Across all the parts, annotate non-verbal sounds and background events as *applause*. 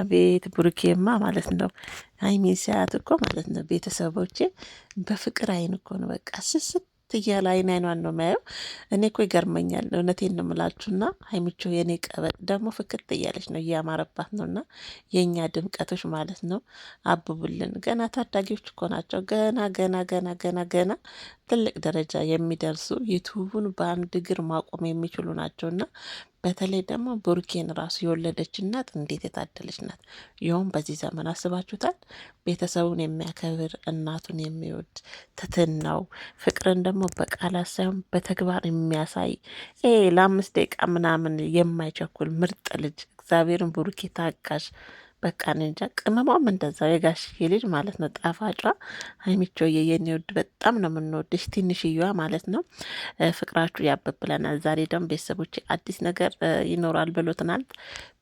አቤት ብሩኬማ ማለት ነው። ሀይሚን ሲያያት እኮ ማለት ነው ቤተሰቦቼ በፍቅር አይን እኮ ነው በቃ ስስት እያለ አይን አይኗን ነው የሚያየው። እኔ እኮ ይገርመኛል እውነቴን ነው የምላችሁና ሀይሚቾ የእኔ ቀበጥ ደግሞ ፍክር ትያለች ነው እያማረባት ነውና የእኛ ድምቀቶች ማለት ነው አብቡልን። ገና ታዳጊዎች እኮ ናቸው። ገና ገና ገና ገና ገና ትልቅ ደረጃ የሚደርሱ ዩቱቡን በአንድ እግር ማቆም የሚችሉ ናቸውና በተለይ ደግሞ ብሩኬን ራሱ የወለደች እናት እንዴት የታደለች ናት! ይኸውም በዚህ ዘመን አስባችሁታል። ቤተሰቡን የሚያከብር እናቱን የሚወድ ትትናው፣ ፍቅርን ደግሞ በቃላት ሳይሆን በተግባር የሚያሳይ ይሄ ለአምስት ደቂቃ ምናምን የማይቸኩል ምርጥ ልጅ እግዚአብሔርን ብሩኬ ታጋሽ በቃ እንጃ። ቅመሟም እንደዛው የጋሽዬ ልጅ ማለት ነው ጣፋጯ ሀይሚቾዬ የኔ ውድ በጣም ነው የምንወድሽ፣ ትንሽዬዋ ማለት ነው። ፍቅራችሁ ያበብለናል። ዛሬ ደግሞ ቤተሰቦች አዲስ ነገር ይኖራል ብሎ ትናንት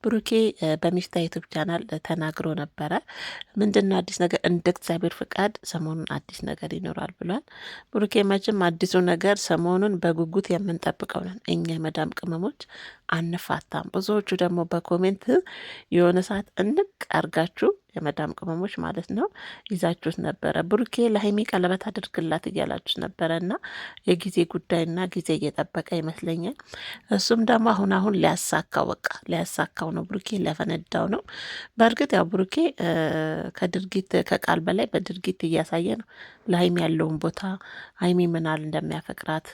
ብሩኬ በሚፍታ ዩቱብ ቻናል ተናግሮ ነበረ። ምንድነው አዲስ ነገር? እንደ እግዚአብሔር ፍቃድ ሰሞኑን አዲስ ነገር ይኖራል ብሏል ብሩኬ። መቼም አዲሱ ነገር ሰሞኑን በጉጉት የምንጠብቀው ነን እኛ መዳም ቅመሞች አንፋታም። ብዙዎቹ ደግሞ በኮሜንት የሆነ ሰዓት እን ጥንቅቅ አርጋችሁ የመዳም ቅመሞች ማለት ነው ይዛችሁት ነበረ። ብሩኬ ለሀይሚ ቀለበት አድርግላት እያላችሁት ነበረ እና የጊዜ ጉዳይና ጊዜ እየጠበቀ ይመስለኛል። እሱም ደግሞ አሁን አሁን ሊያሳካው በቃ ሊያሳካው ነው። ብሩኬ ሊያፈነዳው ነው። በእርግጥ ያው ብሩኬ ከድርጊት ከቃል በላይ በድርጊት እያሳየ ነው ለሀይሚ ያለውን ቦታ ሀይሚ ምናል እንደሚያፈቅራት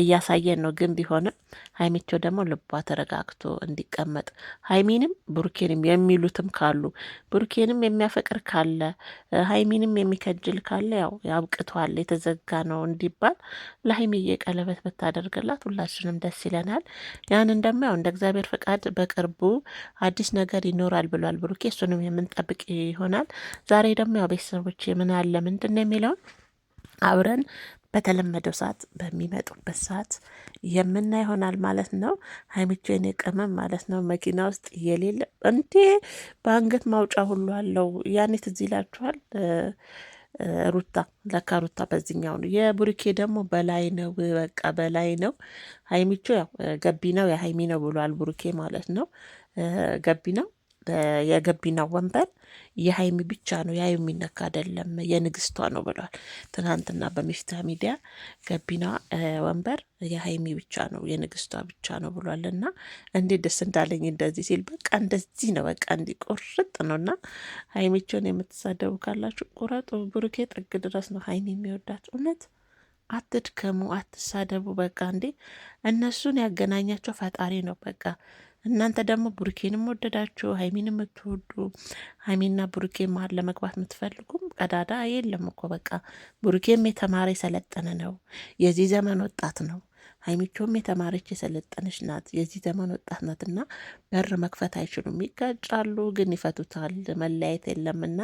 እያሳየን ነው። ግን ቢሆንም ሀይሚቾ ደግሞ ልቧ ተረጋግቶ እንዲቀመጥ ሀይሚንም ብሩኬንም የሚሉትም ካሉ ብሩኬንም የሚያፈቅር ካለ ሀይሚንም የሚከጅል ካለ ያው ያብቅቷል፣ የተዘጋ ነው እንዲባል ለሀይሚዬ ቀለበት ብታደርግላት ሁላችንም ደስ ይለናል። ያንን ደግሞ ያው እንደ እግዚአብሔር ፈቃድ በቅርቡ አዲስ ነገር ይኖራል ብሏል ብሩኬ። እሱንም የምንጠብቅ ይሆናል። ዛሬ ደግሞ ያው ቤተሰቦች ምን አለ ምንድን ነው የሚለውን አብረን በተለመደው ሰዓት በሚመጡበት ሰዓት የምና ይሆናል ማለት ነው። ሀይሚቾ የኔ ቅመም ማለት ነው መኪና ውስጥ የሌለ እንዴ በአንገት ማውጫ ሁሉ አለው። ያኔ ትዝ ይላችኋል። ሩታ ለካ ሩታ በዚኛው ነው። የቡሪኬ ደግሞ በላይ ነው፣ በቃ በላይ ነው። ሀይሚቾ ያው ገቢ ነው የሀይሚ ነው ብሏል ቡሪኬ ማለት ነው ገቢ ነው የገቢና ወንበር የሀይሚ ብቻ ነው፣ ያ የሚነካ አይደለም፣ የንግስቷ ነው ብለዋል። ትናንትና በሚፍታ ሚዲያ ገቢና ወንበር የሀይሚ ብቻ ነው፣ የንግስቷ ብቻ ነው ብሏል። እና እንዴት ደስ እንዳለኝ እንደዚህ ሲል፣ በቃ እንደዚህ ነው፣ በቃ እንዲህ ቁርጥ ነው። እና ሀይሚቸውን የምትሳደቡ ካላችሁ ቁረጡ። ብሩኬ ጥግ ድረስ ነው ሀይሚ የሚወዳት እውነት አትድከሙ፣ አትሳደቡ። በቃ እንዴ እነሱን ያገናኛቸው ፈጣሪ ነው። በቃ እናንተ ደግሞ ቡርኬን ወደዳችሁ ሀይሚን የምትወዱ ሀይሚና ቡርኬ መሀል ለመግባት የምትፈልጉም ቀዳዳ የለም እኮ በቃ። ቡርኬም የተማረ የሰለጠነ ነው፣ የዚህ ዘመን ወጣት ነው። ሀይሚቾም የተማረች የሰለጠነች ናት፣ የዚህ ዘመን ወጣት ናት። እና በር መክፈት አይችሉም፣ ይጋጫሉ፣ ግን ይፈቱታል። መለያየት የለምና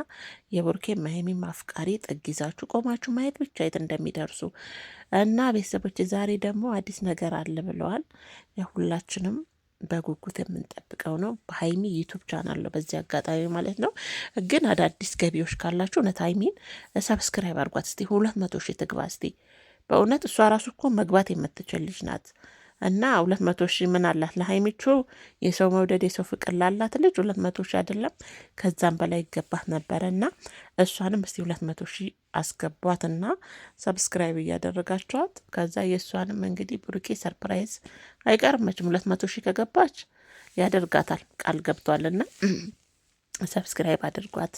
የቡርኬም ሀይሚም አፍቃሪ ጥግ ይዛችሁ ቆማችሁ ማየት ብቻ የት እንደሚደርሱ እና ቤተሰቦች ዛሬ ደግሞ አዲስ ነገር አለ ብለዋል። ሁላችንም በጉጉት የምንጠብቀው ነው። በሀይሚ ዩቱብ ቻናል ነው በዚህ አጋጣሚ ማለት ነው። ግን አዳዲስ ገቢዎች ካላችሁ እውነት ሀይሚን ሰብስክራይብ አድርጓት እስቲ ሁለት መቶ ሺህ ትግባ እስቲ። በእውነት እሷ ራሱ እኮ መግባት የምትችል ልጅ ናት እና ሁለት መቶ ሺህ ምን አላት ለሀይሚቹ የሰው መውደድ የሰው ፍቅር ላላት ልጅ ሁለት መቶ ሺህ አይደለም ከዛም በላይ ይገባት ነበረ እና እሷንም እስቲ ሁለት መቶ ሺህ አስገቧትና ሰብስክራይብ እያደረጋችኋት ከዛ የእሷንም እንግዲህ ብሩኬ ሰርፕራይዝ አይቀርም ሁለት መቶ ሺህ ከገባች ያደርጋታል ቃል ገብቷልና *clears throat* ሰብስክራይብ አድርጓት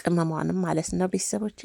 ቅመሟንም ማለት ነው ቤተሰቦቼ